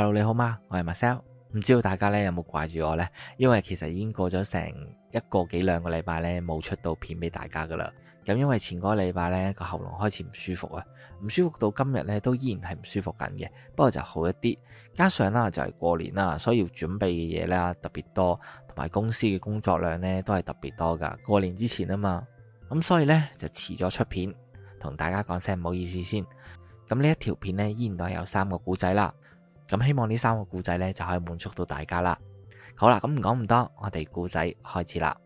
Hello，你好嗎？我係 Marcel，唔知道大家咧有冇掛住我呢？因為其實已經過咗成一個幾兩個禮拜咧，冇出到片俾大家噶啦。咁因為前嗰個禮拜咧個喉嚨開始唔舒服啊，唔舒服到今日咧都依然係唔舒服緊嘅。不過就好一啲，加上啦就係過年啦，所以要準備嘅嘢啦，特別多，同埋公司嘅工作量咧都係特別多噶。過年之前啊嘛，咁所以咧就遲咗出片，同大家講聲唔好意思先。咁呢一條片咧依然都係有三個故仔啦。咁希望呢三個故仔呢就可以滿足到大家啦。好啦，咁唔講咁多，我哋故仔開始啦。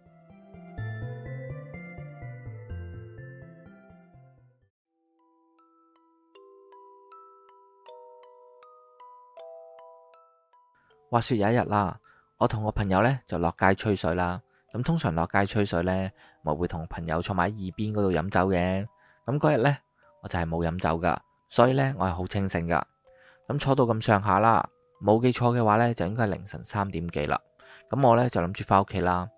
話說有一日啦，我同我朋友呢就落街吹水啦。咁通常落街吹水呢，咪會同朋友坐埋喺耳邊嗰度飲酒嘅。咁嗰日呢，我就係冇飲酒噶，所以呢，我係好清醒噶。咁坐到咁上下啦，冇記錯嘅話呢，就應該係凌晨三點幾啦。咁我呢，就諗住翻屋企啦。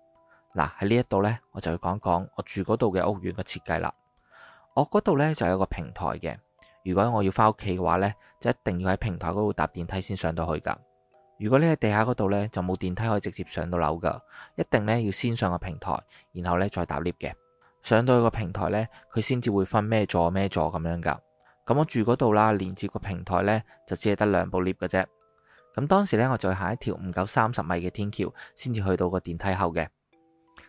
嗱，喺呢一度呢，我就要講講我住嗰度嘅屋苑嘅設計啦。我嗰度呢，就有一個平台嘅，如果我要翻屋企嘅話呢，就一定要喺平台嗰度搭電梯先上到去噶。如果呢喺地下嗰度呢，就冇電梯可以直接上到樓噶，一定呢，要先上個平台，然後呢，再搭 lift 嘅。上到去個平台呢，佢先至會分咩座咩座咁樣噶。咁我住嗰度啦，連接個平台呢，就只係得兩部 lift 嘅啫。咁當時呢，我就行一條唔夠三十米嘅天橋，先至去到個電梯口嘅。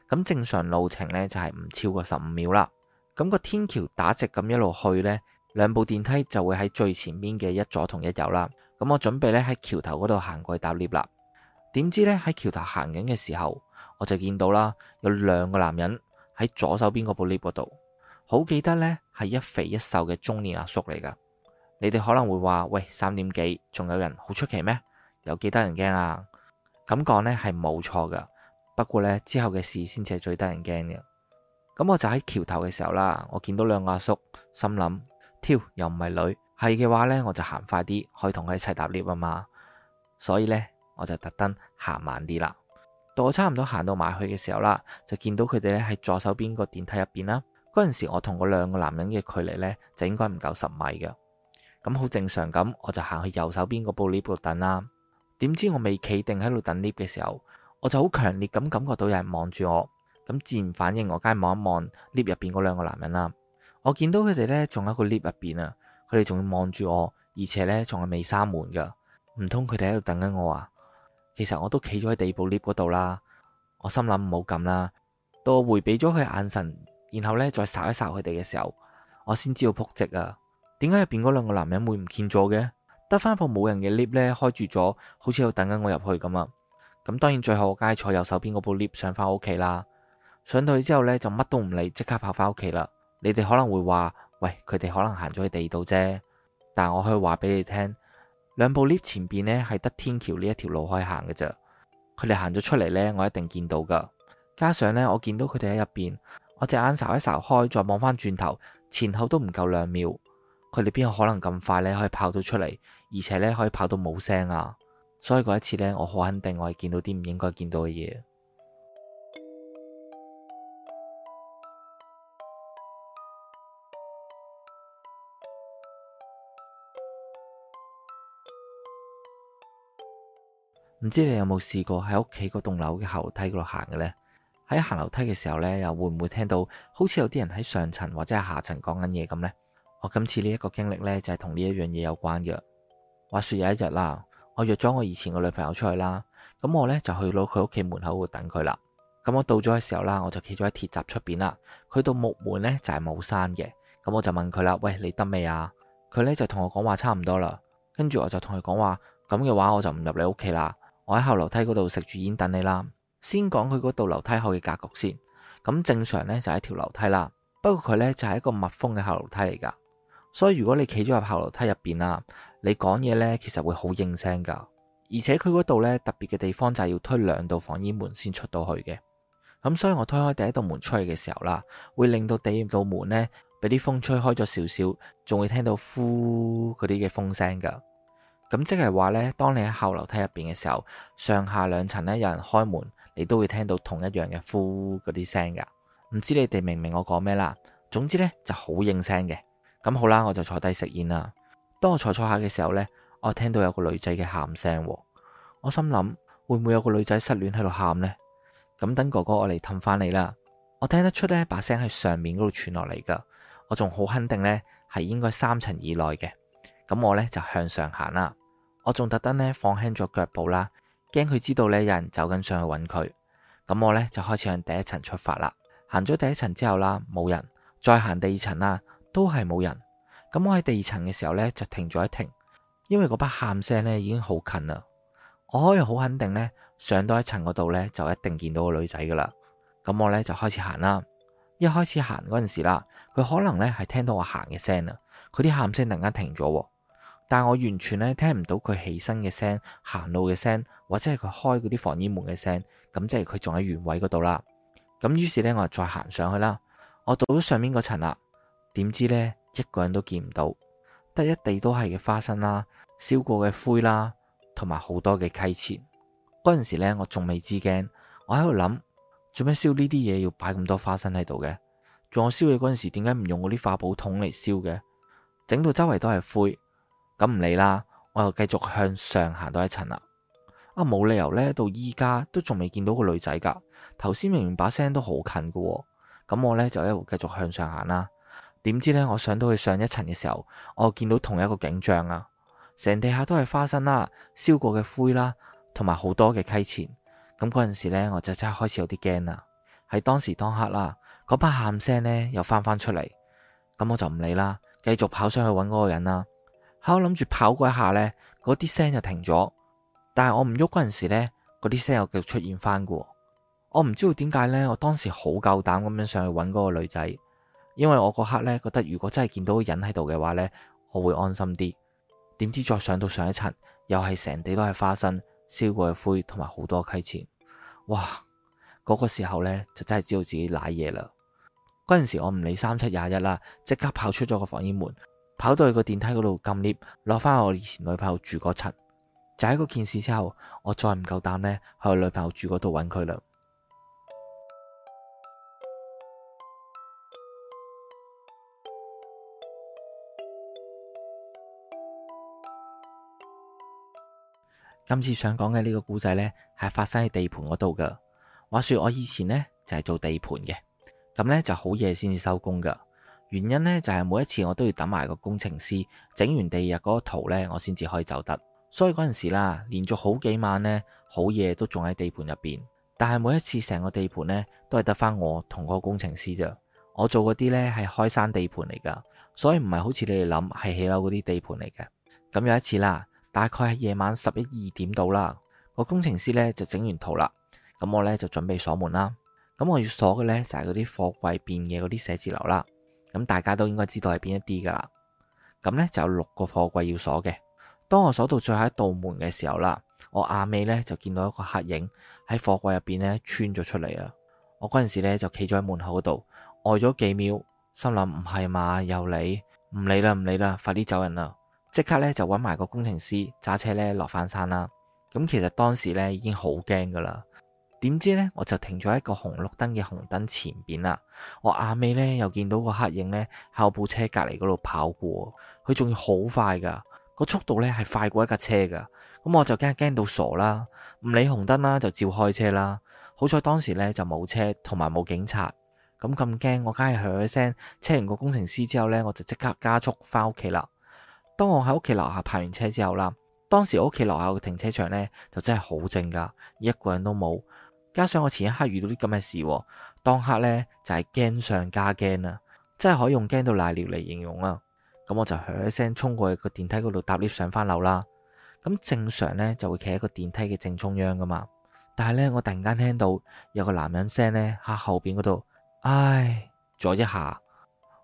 咁正常路程呢，就係唔超過十五秒啦。咁個天橋打直咁一路去呢，兩部電梯就會喺最前面嘅一左同一右啦。咁我準備呢喺橋頭嗰度行過去搭 lift 啦。點知呢，喺橋頭行緊嘅時候，我就見到啦，有兩個男人喺左手邊嗰部 lift 嗰度，好記得呢。係一肥一瘦嘅中年阿叔嚟噶，你哋可能會話，喂，三點幾，仲有人好出奇咩？有幾得人驚啊？咁講呢係冇錯噶。不過呢，之後嘅事先至係最得人驚嘅。咁我就喺橋頭嘅時候啦，我見到兩個阿叔心，心諗，挑，又唔係女，係嘅話呢，我就行快啲，可以同佢一齊搭 lift 啊嘛。所以呢，我就特登行慢啲啦。到我差唔多行到埋去嘅時候啦，就見到佢哋咧喺左手邊個電梯入邊啦。嗰陣時，我同嗰兩個男人嘅距離呢，就應該唔夠十米嘅。咁好正常咁，我就行去右手邊部 lift 度等啦。點知我未企定喺度等 lift 嘅時候，我就好強烈咁感覺到有人望住我，咁自然反應我梗係望一望 lift 入邊嗰兩個男人啦。我見到佢哋呢，仲喺個 lift 入邊啊，佢哋仲要望住我，而且呢，仲係未閂門噶，唔通佢哋喺度等緊我啊？其實我都企咗喺地部 lift 嗰度啦，我心諗唔好咁啦。到我回避咗佢眼神，然後呢，再掃一掃佢哋嘅時候，我先知道撲直啊。點解入邊嗰兩個男人會唔見咗嘅？得翻部冇人嘅 lift 咧，開住咗，好似要等緊我入去咁啊。咁當然最後我梗係坐右手邊嗰部 lift 上返屋企啦。上到去之後呢，就乜都唔理，即刻跑返屋企啦。你哋可能會話：喂，佢哋可能行咗去地道啫。但我可以話俾你聽，兩部 lift 前邊呢係得天橋呢一條路可以行嘅咋，佢哋行咗出嚟呢，我一定見到噶。加上呢，我見到佢哋喺入邊。我隻眼睄一睄開，再望返轉頭，前後都唔夠兩秒，佢哋邊有可能咁快呢？可以跑到出嚟，而且呢，可以跑到冇聲啊！所以嗰一次呢，我好肯定我係見到啲唔應該見到嘅嘢。唔知你有冇試過喺屋企嗰棟樓嘅後梯嗰度行嘅呢？喺行樓梯嘅時候呢，又會唔會聽到好似有啲人喺上層或者係下層講緊嘢咁呢？我今次呢一個經歷呢，就係同呢一樣嘢有關嘅。話說有一日啦，我約咗我以前個女朋友出去啦，咁我呢，就去到佢屋企門口度等佢啦。咁我到咗嘅時候啦，我就企咗喺鐵閘出邊啦。佢道木門呢，就係冇閂嘅，咁我就問佢啦，喂，你得未啊？佢呢，就同我講話差唔多啦。跟住我就同佢講話，咁嘅話我就唔入你屋企啦，我喺後樓梯嗰度食住煙等你啦。先講佢嗰度樓梯口嘅格局先，咁正常呢，就係一條樓梯啦，不過佢呢，就係一個密封嘅後樓梯嚟噶，所以如果你企咗入後樓梯入邊啦，你講嘢呢，其實會好應聲噶，而且佢嗰度呢，特別嘅地方就係要推兩道防煙門先出到去嘅，咁所以我推開第一道門出去嘅時候啦，會令到第二道門呢，俾啲風吹開咗少少，仲會聽到呼嗰啲嘅風聲噶。咁即係話呢，當你喺後樓梯入邊嘅時候，上下兩層呢有人開門，你都會聽到同一樣嘅呼嗰啲聲噶。唔知你哋明唔明我講咩啦？總之呢，就好應聲嘅。咁好啦，我就坐低食煙啦。當我坐坐下嘅時候呢，我聽到有個女仔嘅喊聲。我心諗會唔會有個女仔失戀喺度喊呢？咁等哥哥我嚟氹翻你啦。我聽得出呢，把聲喺上面嗰度傳落嚟噶。我仲好肯定呢，係應該三層以內嘅。咁我呢，就向上行啦。我仲特登呢放輕咗腳步啦，驚佢知道呢有人走緊上去揾佢。咁我呢，就開始向第一層出發啦。行咗第一層之後啦，冇人。再行第二層啦，都係冇人。咁我喺第二層嘅時候呢，就停咗一停，因為嗰把喊聲呢已經好近啦。我可以好肯定呢，上到一層嗰度呢，就一定見到個女仔噶啦。咁我呢，就開始行啦。一開始行嗰陣時啦，佢可能呢，係聽到我行嘅聲啦，佢啲喊聲突然間停咗。但係我完全咧聽唔到佢起身嘅聲、行路嘅聲，或者係佢開嗰啲防煙門嘅聲，咁即係佢仲喺原位嗰度啦。咁於是呢，我就再行上去啦。我到咗上面嗰層啦，點知呢，一個人都見唔到，得一地都係嘅花生啦、燒過嘅灰啦，同埋好多嘅溪錢。嗰陣時呢，我仲未知驚，我喺度諗做咩燒呢啲嘢，要擺咁多花生喺度嘅？仲有燒嘢嗰陣時，點解唔用嗰啲化寶桶嚟燒嘅？整到周圍都係灰。咁唔理啦，我又繼續向上行到一層啦。啊，冇理由呢，到依家都仲未見到個女仔噶。頭先明明把聲都好近噶，咁我呢就一路繼續向上行啦。點知呢，我上到去上一層嘅時候，我又見到同一個景象啊，成地下都係花生啦、燒過嘅灰啦，同埋好多嘅溪錢。咁嗰陣時咧，我就真係開始有啲驚啦。喺當時當刻啦，嗰把喊聲呢又翻返出嚟，咁我就唔理啦，繼續跑上去揾嗰個人啦。我諗住跑過一下呢，嗰啲聲就停咗。但係我唔喐嗰陣時咧，嗰啲聲又繼續出現翻噶。我唔知道點解呢，我當時好夠膽咁樣上去揾嗰個女仔，因為我嗰刻呢覺得，如果真係見到人喺度嘅話呢，我會安心啲。點知再上到上一層，又係成地都係花生、燒過嘅灰同埋好多溪錢。哇！嗰、嗰個時候呢，就真係知道自己舐嘢啦。嗰陣時我唔理三七廿一啦，即刻跑出咗個房門。跑到去個電梯嗰度撳 lift，攞返我以前女朋友住嗰層。就喺、是、個件事之後，我再唔夠膽咧去我女朋友住嗰度揾佢啦。 今次想講嘅呢個古仔呢，係發生喺地盤嗰度噶。話說我以前呢，就係、是、做地盤嘅，咁呢就好夜先至收工噶。原因呢，就係每一次我都要等埋個工程師整完第二日嗰個圖呢，我先至可以走得。所以嗰陣時啦，連續好幾晚呢，好夜都仲喺地盤入邊。但係每一次成個地盤呢，都係得翻我同個工程師咋。我做嗰啲呢，係開山地盤嚟㗎，所以唔係好似你哋諗係起樓嗰啲地盤嚟嘅。咁有一次啦，大概係夜晚十一二點到啦，個工程師呢就整完圖啦。咁我呢，就準備鎖門啦。咁我要鎖嘅呢，就係嗰啲貨櫃邊嘅嗰啲寫字樓啦。咁大家都應該知道係邊一啲噶啦，咁呢就有六個貨櫃要鎖嘅。當我鎖到最後一道門嘅時候啦，我眼尾呢就見到一個黑影喺貨櫃入邊呢穿咗出嚟啊！我嗰陣時呢就企咗喺門口度，呆咗幾秒，心諗唔係嘛又嚟，唔理啦唔理啦，快啲走人啦！即刻呢就搵埋個工程師揸車呢落返山啦。咁其實當時呢已經好驚噶啦。點知咧，我就停咗喺一個紅綠燈嘅紅燈前邊啦。我眼尾咧又見到個黑影咧喺我部車隔籬嗰度跑過，佢仲要好快噶，個速度咧係快過一架車噶。咁我就驚驚到傻啦，唔理紅燈啦，就照開車啦。好彩當時咧就冇車同埋冇警察，咁咁驚我梗係響咗聲。車完個工程師之後咧，我就即刻加速翻屋企啦。當我喺屋企樓下泊完車之後啦，當時我屋企樓下嘅停車場咧就真係好靜噶，一個人都冇。加上我前一刻遇到啲咁嘅事，當刻呢，就係驚上加驚啦，真係可以用驚到瀨尿嚟形容啦。咁我就響一聲衝過去個電梯嗰度搭 lift 上翻樓啦。咁正常呢，就會企喺個電梯嘅正中央噶嘛，但係呢，我突然間聽到有個男人聲呢，喺後邊嗰度，唉咗一下，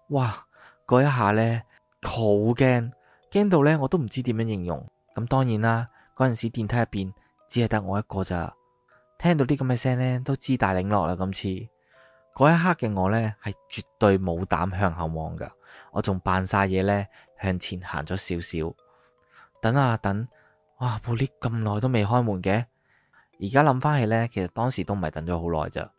哇嗰一下呢，好驚，驚到呢，我都唔知點樣形容。咁當然啦，嗰陣時電梯入邊只係得我一個咋。聽到啲咁嘅聲呢，都知大領落啦。今次嗰一刻嘅我呢，係絕對冇膽向後望噶。我仲扮晒嘢呢，向前行咗少少。等啊等，哇！部 lift 咁耐都未開門嘅。而家諗翻起呢，其實當時都唔係等咗好耐咋，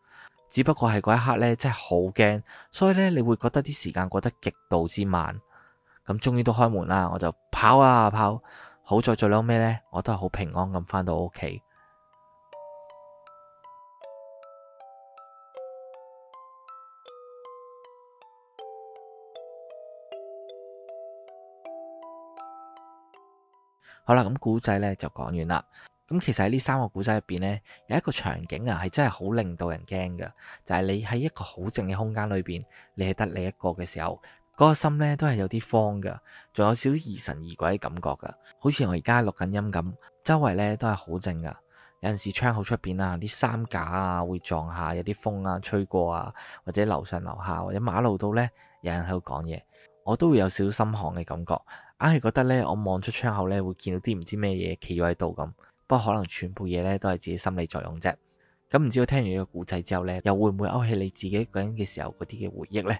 只不過係嗰一刻呢，真係好驚。所以呢，你會覺得啲時間過得極度之慢。咁終於都開門啦，我就跑啊跑。好在最嬲尾呢，我都係好平安咁翻到屋企。好啦，咁古仔呢就講完啦。咁其實喺呢三個古仔入邊呢，有一個場景啊係真係好令到人驚噶，就係、是、你喺一個好靜嘅空間裏邊，你係得你一個嘅時候，嗰、那個心呢都係有啲慌噶，仲有少少疑神疑鬼嘅感覺噶，好似我而家錄緊音咁，周圍呢都係好靜噶。有陣時窗口出邊啊，啲衫架啊會撞下，有啲風啊吹過啊，或者樓上樓下或者馬路度呢，有人喺度講嘢，我都會有少少心寒嘅感覺。硬係覺得呢，我望出窗口呢，會見到啲唔知咩嘢，企咗喺度咁，不過可能全部嘢呢，都係自己心理作用啫。咁唔知我聽完呢個故仔之後呢，又會唔會勾起你自己一個人嘅時候嗰啲嘅回憶呢？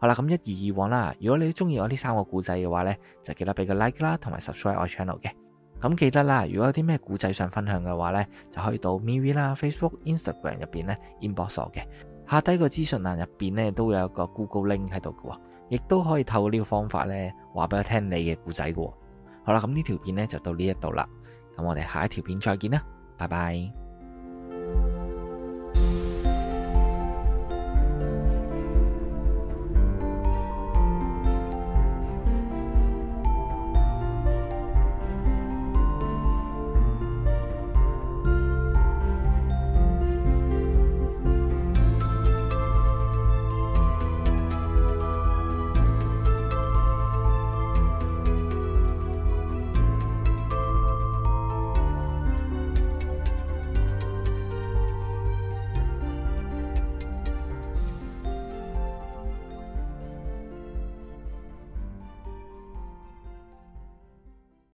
好啦，咁一如以往啦。如果你中意我呢三個故仔嘅話呢，就記得俾個 like 啦，同埋 subscribe 我 channel 嘅。咁記得啦，如果有啲咩故仔想分享嘅話呢，就可以到 MeWe 啦、Facebook、Instagram 入邊呢 inbox 我嘅。下低個資訊欄入邊呢，都有一個 Google link 喺度嘅喎。亦都可以透過呢個方法呢，話俾我聽你嘅故仔嘅。好啦，咁呢條片呢就到呢一度啦。咁我哋下一條片再見啦，拜拜。